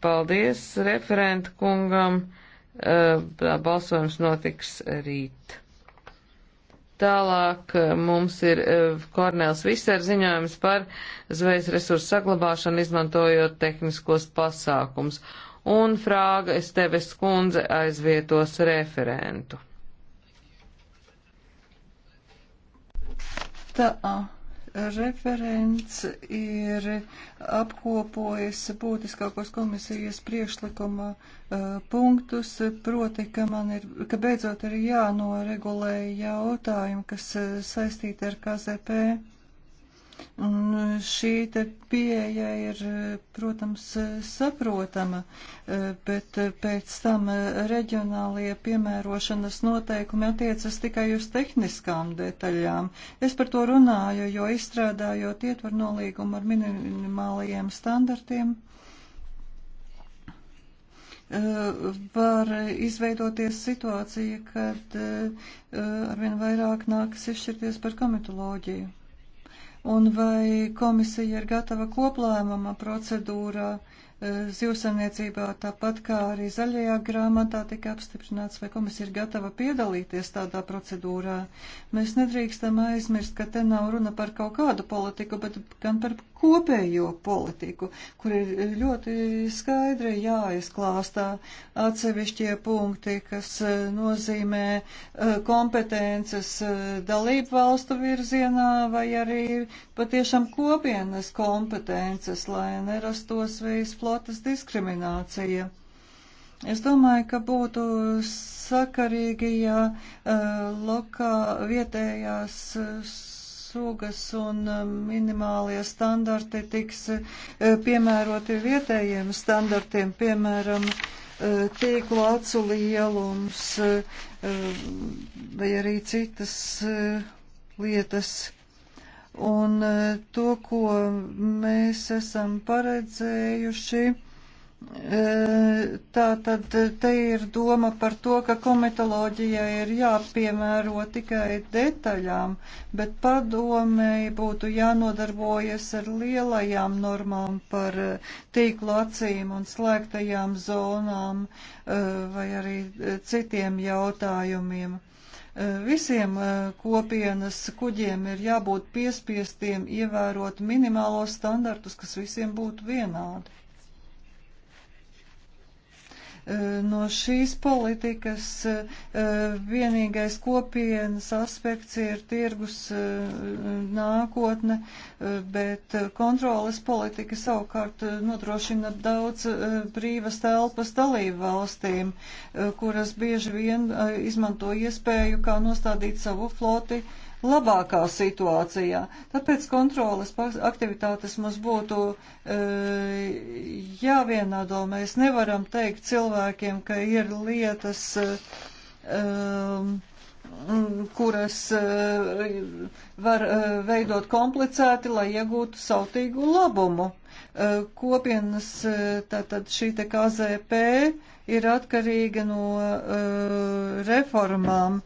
Paldies referenta kungam. Eh, balsojums notiks rīt. Tālāk eh, mums ir eh, Kornēls Visser ziņojums par zvejas resursu saglabāšanu, izmantojot tehniskos pasākums. Un Frāga Esteves kundze aizvietos referentu. Tā. Referents ir apkopojis būtiskākos komisijas priekšlikuma uh, punktus, proti, ka man ir, ka beidzot ir jānoregulē jautājumi, kas uh, saistīti ar KZP. Un šī te pieeja ir, protams, saprotama, bet pēc tam reģionālie piemērošanas noteikumi attiecas tikai uz tehniskām detaļām. Es par to runāju, jo izstrādājot ietvaru nolīgumu ar minimālajiem standartiem, var izveidoties situācija, kad eh, arvien vairāk nākas izšķirties par komitoloģiju un vai komisija ir gatava koplēmuma procedūrā Eh, zivsamniecībā, tāpat kā arī zaļajā grāmatā tika apstiprināts, vai komisija ir gatava piedalīties tādā procedūrā. Mēs nedrīkstam aizmirst, ka te nav runa par kaut kādu politiku, bet gan par kopējo politiku, kur ir ļoti skaidri jāizklāstā atsevišķie punkti, kas eh, nozīmē eh, kompetences dalību valstu virzienā vai arī patiešām kopienas kompetences, lai nerastos veids flotas diskriminācija. Es domāju, ka būtu sakarīgi, ja uh, lokā vietējās uh, sugas un e, minimālie standarti tiks e, piemēroti vietējiem standartiem, piemēram, tīklu acu lielums vai arī citas lietas un e, to, ko mēs esam paredzējuši. E, tā tad te ir doma par to, ka komitoloģija ir jāpiemēro tikai detaļām, bet padomēji būtu jānodarbojas ar lielajām normām par e, tīklu acīm un slēgtajām zonām vai arī citiem jautājumiem. Visiem eh, kopienas kuģiem ir jābūt piespiestiem ievērot minimālos standartus, kas visiem būtu vienādi. No šīs politikas e, vienīgais kopienas aspekts ir tirgus e, nākotne, e, bet kontrolas politika savukārt nodrošina daudz brīvas telpas dalību valstīm, kuras bieži vien izmanto iespēju kā nostādīt savu floti labākā situācijā. Tāpēc kontrolas aktivitātes mums būtu e, jāvienādo. Mēs nevaram teikt cilvēkiem, ka ir lietas. E, e, kuras eh, var eh, veidot komplicēti, lai iegūtu sautīgu labumu. Eh, kopienas tātad šī te KZP ir atkarīga no reformām.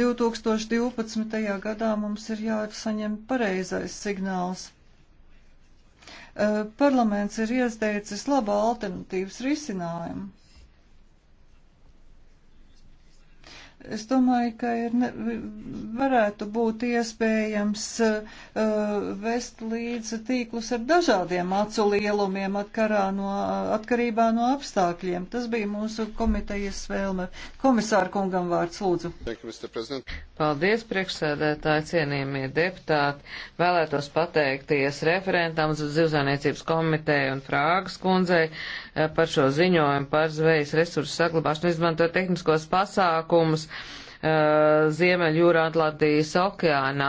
2012. gadā mums ir jāsaņem pareizais signāls parlaments ir iesteicis labu alternatīvas risinājumu. Es domāju, ka ir ne, varētu būt iespējams uh, vest līdz tīklus ar dažādiem acu lielumiem atkarā no, atkarībā no apstākļiem. Tas bija mūsu komitejas vēlme. Komisāra kungam vārds lūdzu. Paldies, priekšsēdētāji, cienījamie deputāti. Vēlētos pateikties referentam Zivzāniecības komiteju un Frāgas kundzei uh, par šo ziņojumu par zvejas resursu saglabāšanu, izmantojot tehniskos pasākumus uh, Ziemeļjūrā Atlantijas okeānā.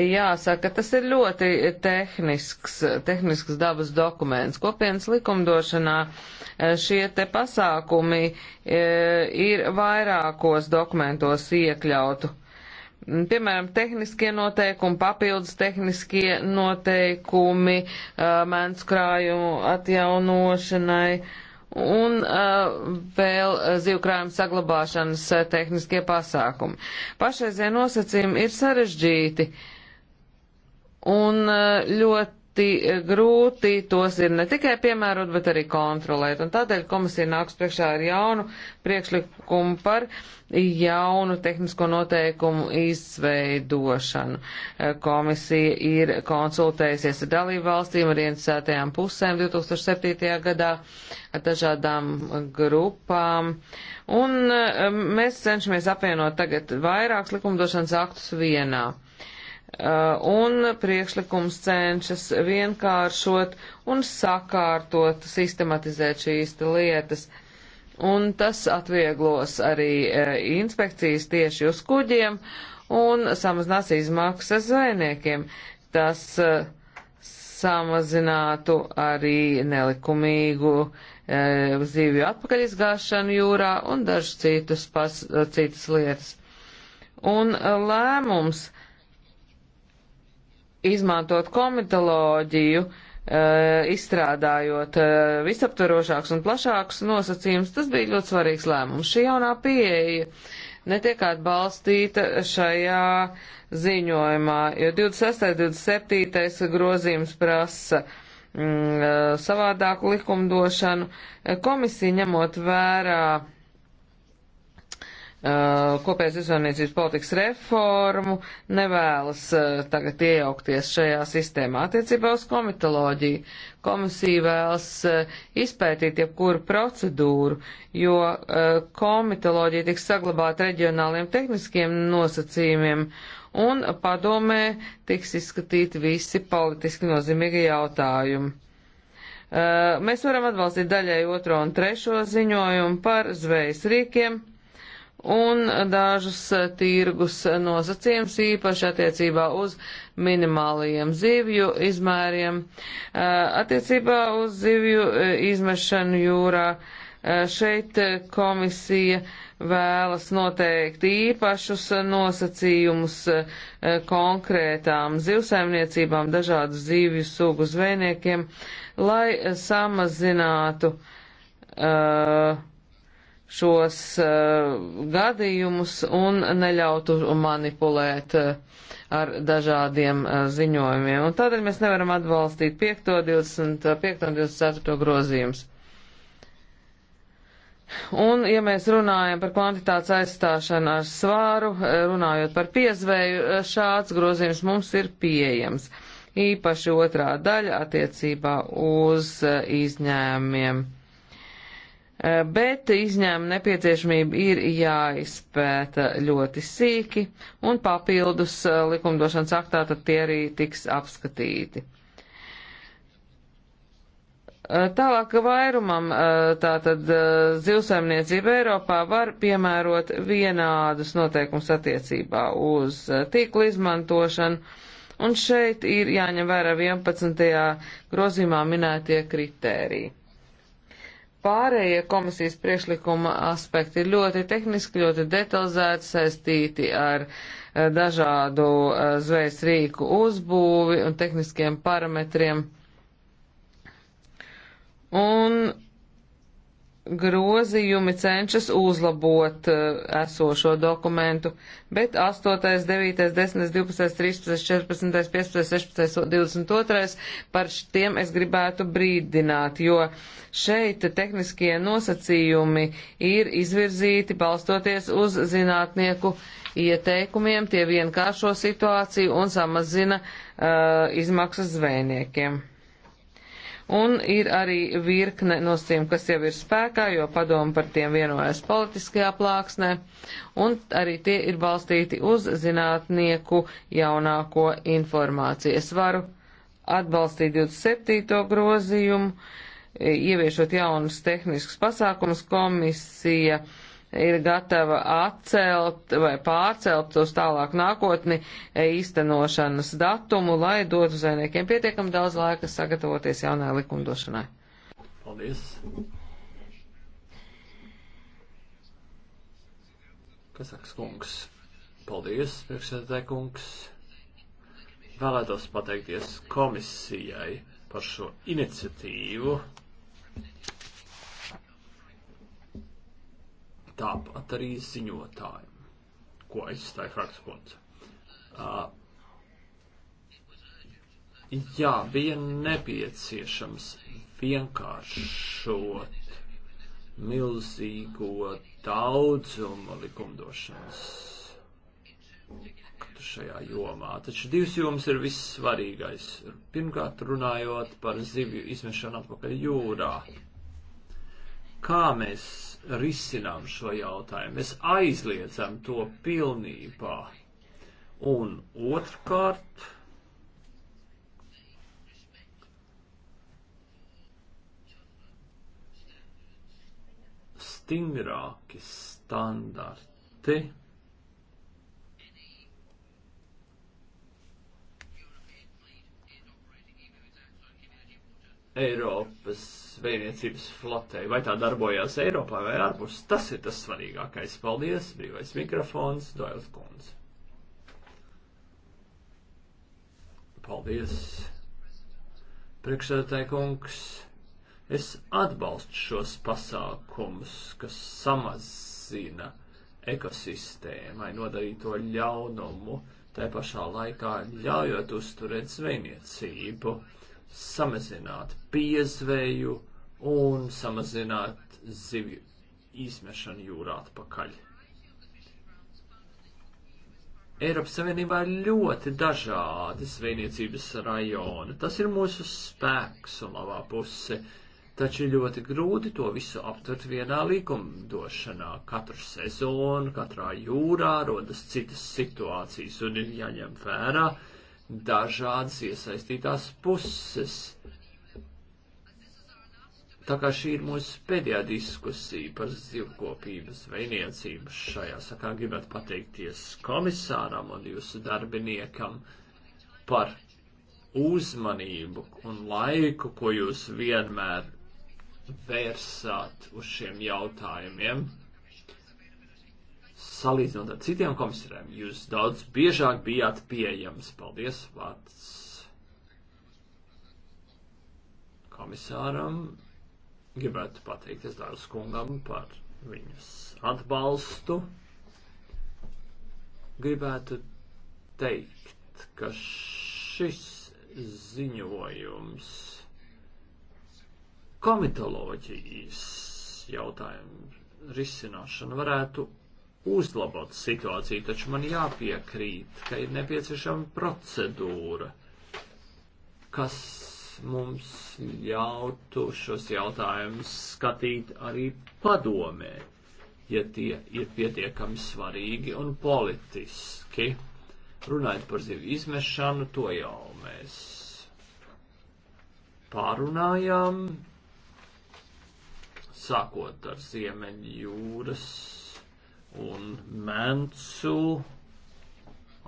Jāsaka, tas ir ļoti tehnisks, tehnisks dabas dokuments. Kopienas likumdošanā uh, šie te pasākumi uh, ir vairākos dokumentos iekļautu. Piemēram, tehniskie noteikumi, papildus tehniskie noteikumi, uh, mēns krājumu atjaunošanai un uh, vēl zivkrājuma saglabāšanas uh, tehniskie pasākumi. Pašreizie nosacījumi ir sarežģīti un uh, ļoti ļoti eh, grūti tos ir ne tikai piemērot, bet arī kontrolēt. Un tādēļ komisija nāks priekšā ar jaunu priekšlikumu par jaunu tehnisko noteikumu izveidošanu. Eh, komisija ir konsultējusies ar dalību valstīm, ar ieinteresētajām pusēm 2007. gadā, ar dažādām grupām. Un eh, mēs cenšamies apvienot tagad vairākus likumdošanas aktus vienā. Uh, un priekšlikums cenšas vienkāršot un sakārtot, sistematizēt šīs lietas. Un tas atvieglos arī uh, inspekcijas tieši uz kuģiem un samazinās izmaksas zvejniekiem. Tas uh, samazinātu arī nelikumīgu zīvju atpakaļizgāšanu jūrā un dažas citas lietas. Un lēmums uh, izmantot komitoloģiju, eh, izstrādājot eh, visaptvarošāks un plašāks nosacījums, tas bija ļoti svarīgs lēmums. Šī jaunā pieeja netiek atbalstīta šajā ziņojumā, jo 26. 27. grozījums prasa mm, eh, savādāku likumdošanu. Komisija ņemot vērā Uh, kopējas izvairniecības politikas reformu, nevēlas uh, tagad iejaukties šajā sistēmā. Attiecībā uz komitoloģiju komisija vēlas uh, izpētīt jebkuru procedūru, jo komitoloģija tiks saglabāta reģionāliem tehniskiem nosacījumiem un padomē tiks izskatīti visi politiski nozīmīgi jautājumi. Mēs varam atbalstīt daļai otro un trešo ziņojumu par zvejas rīkiem un dažus eh, tirgus nosacījums īpaši attiecībā uz minimālajiem zivju izmēriem, eh, attiecībā uz zivju eh, izmešanu jūrā. Šeit komisija vēlas noteikt īpašus nosacījumus konkrētām zivsaimniecībām, dažādu zivju sugu zvejniekiem, lai samazinātu uh, šos uh, gadījumus un neļautu manipulēt uh, ar dažādiem uh, ziņojumiem. Un tādēļ mēs nevaram atbalstīt 5, 25 un 24 grozījums. Un, ja mēs runājam par kvantitātes aizstāšanu ar svāru, runājot par piezvēju, šāds grozījums mums ir pieejams. Īpaši otrā daļa attiecībā uz izņēmumiem. Eh, bet izņēmuma nepieciešamība ir jāizpēta ļoti sīki, un papildus eh, likumdošanas aktā tad tie arī tiks apskatīti. Eh, tālāk vairumam tātad zivsaimniecība Eiropā var piemērot vienādus noteikumus attiecībā uz tīklu izmantošanu, un šeit ir jāņem vērā 11. grozīmā minētie kritēriji. Pārējie komisijas priekšlikuma aspekti ir ļoti tehniski, ļoti detalizēti saistīti ar eh, dažādu eh, zvejas rīku uzbūvi un tehniskiem parametriem. Un grozījumi cenšas uzlabot uh, esošo dokumentu, bet 8., 9., 10., 12., 13., 14., 15., 16., 22. par tiem es gribētu brīdināt, jo šeit tehniskie nosacījumi ir izvirzīti balstoties uz zinātnieku ieteikumiem, tie vienkāršo situāciju un samazina uh, izmaksas zvejniekiem. Un ir arī virkne nosacījumu, kas jau ir spēkā, jo padomu par tiem vienojas politiskajā plāksnē, un arī tie ir balstīti uz zinātnieku jaunāko informāciju. Es varu atbalstīt 27. grozījumu, ieviešot jaunus tehniskus pasākumus, komisija ir gatava atcelt vai pārcelt uz tālāk nākotni īstenošanas datumu, lai dotu zvejniekiem pietiekami daudz laika sagatavoties jaunai likumdošanai. Paldies! Kasaks kungs, paldies, priekšsēdētāj kungs. Vēlētos pateikties komisijai par šo iniciatīvu tāpat arī ziņotājiem, ko aizstāja Hrakskundze. Uh, jā, bija nepieciešams vienkāršot milzīgo daudzumu likumdošanas šajā jomā. Taču divas jomas ir vissvarīgais. Pirmkārt, runājot par zivju izmešanu atpakaļ jūrā. Kā mēs risinām šo jautājumu. Mēs aizliedzam to pilnībā. Un otrkārt, stingrāki standarti Eiropas vējniecības flotei. Vai tā darbojās Eiropā vai ārpus? Tas ir tas svarīgākais. Paldies, brīvais mikrofons, Doils Kunds. Paldies, priekšsēdētāji kungs. Es atbalstu šos pasākumus, kas samazina ekosistēmai nodarīto ļaunumu, tai pašā laikā ļaujot uzturēt zvejniecību samazināt piezveju un samazināt zivju izmešanu jūrā atpakaļ. Eiropas Savienībā ir ļoti dažādi zvejniecības rajoni. Tas ir mūsu spēks un labā puse, taču ir ļoti grūti to visu aptvert vienā likumdošanā. Katru sezonu, katrā jūrā rodas citas situācijas un ir jāņem vērā, uh, dažādas iesaistītās puses. Tā kā šī ir mūsu pēdējā diskusija par zivkopības veiniecību šajā sakā, gribētu pateikties komisāram un jūsu darbiniekam par uzmanību un laiku, ko jūs vienmēr vērsāt uz šiem jautājumiem salīdzinot ar citiem komisāriem, jūs daudz biežāk bijāt pieejams. Paldies, vārds komisāram. Gribētu pateikties Dāras kungam par viņas atbalstu. Gribētu teikt, ka šis ziņojums komitoloģijas jautājumu risināšana varētu uzlabot situāciju, taču man jāpiekrīt, ka ir nepieciešama procedūra, kas mums ļautu šos jautājumus skatīt arī padomē, ja tie ir pietiekami svarīgi un politiski. Runājot par zivju izmešanu, to jau mēs pārunājām, sākot ar Ziemeļjūras un Mēncu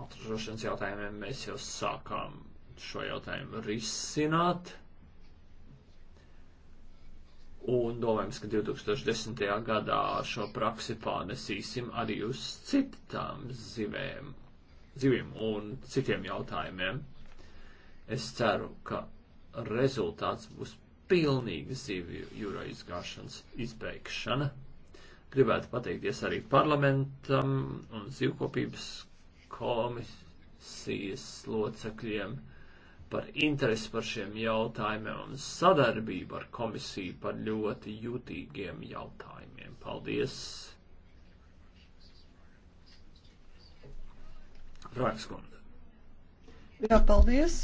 atrašanas jautājumiem mēs jau sākām šo jautājumu risināt. Un domājams, ka 2010. gadā šo praksi pārnesīsim arī uz citām zivēm, zivīm un citiem jautājumiem. Es ceru, ka rezultāts būs pilnīga zivju jūra izgāšanas izbeigšana. Gribētu pateikties arī parlamentam un zivkopības komisijas locekļiem par interesi par šiem jautājumiem un sadarbību ar komisiju par ļoti jūtīgiem jautājumiem. Paldies! Rākskunde. Jā, paldies!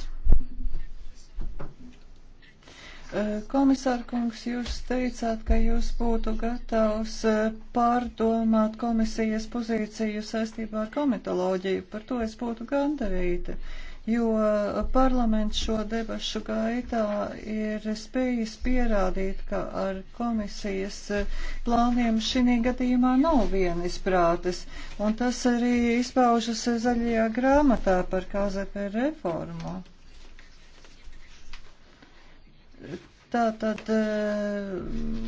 Eh, Komisāra kungs, jūs teicāt, ka jūs būtu gatavs eh, pārdomāt komisijas pozīciju saistībā ar komitoloģiju. Par to es būtu gandarīta, jo parlaments šo debašu gaitā ir spējis pierādīt, ka ar komisijas eh, plāniem šī gadījumā nav vienisprātes, un tas arī izpaužas zaļajā grāmatā par KZP reformu. Tā tad eh,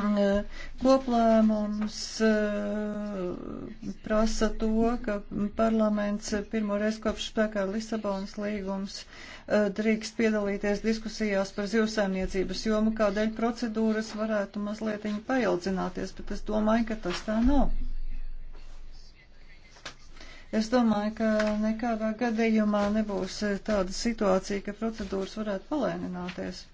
eh, koplēmums eh, prasa to, ka parlaments pirmo reizi kopš spēkā Lisabonas līgums drīkst piedalīties diskusijās par zivsēmniecības jomu, kādēļ procedūras varētu mazliet paildzināties, bet es domāju, ka tas tā nav. Es domāju, ka nekādā gadījumā nebūs tāda situācija, ka procedūras varētu palēnināties.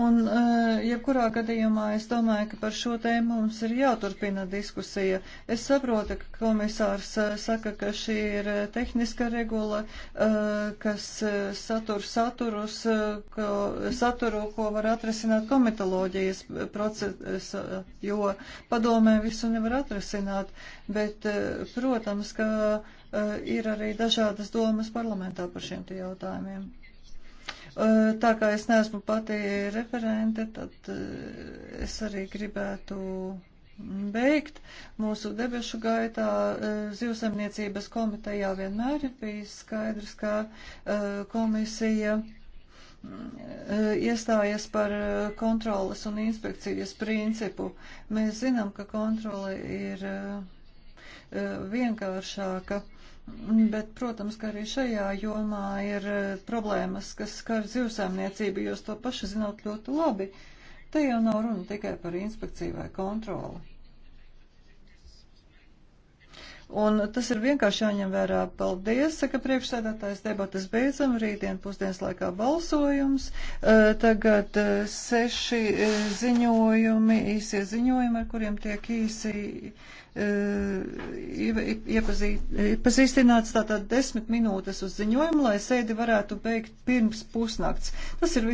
Un, eh, jebkurā ja gadījumā, es domāju, ka par šo tēmu mums ir jāturpina diskusija. Es saprotu, ka komisārs eh, saka, ka šī ir eh, tehniska regula, kas satur saturus, ko, saturu, ko var atrasināt komitoloģijas procesā, jo padomē visu nevar atrasināt. Bet, protams, ka ir arī dažādas domas parlamentā par šiem jautājumiem. Eh, tā kā es neesmu pati referente, tad eh, es arī gribētu beigt. Mūsu debešu gaitā eh, zivsaimniecības komitejā vienmēr ir bijis skaidrs, ka komisija iestājies par kontrolas un inspekcijas principu. Mēs zinām, ka kontrole ir vienkāršāka. Bet, protams, ka arī šajā jomā ir e, problēmas, kas skar zivsēmniecību, jūs to paši zināt ļoti labi. Te jau nav runa tikai par inspekciju vai kontroli. Un tas ir vienkārši jāņem vērā. Paldies, saka priekšsēdētājs debatas beidzam, rītdien pusdienas laikā balsojums. Tagad seši ziņojumi, īsie ziņojumi, ar kuriem tiek īsi iepazīstināts tātad desmit minūtes uz ziņojumu, lai sēdi varētu beigt pirms pusnakts. Tas ir viss.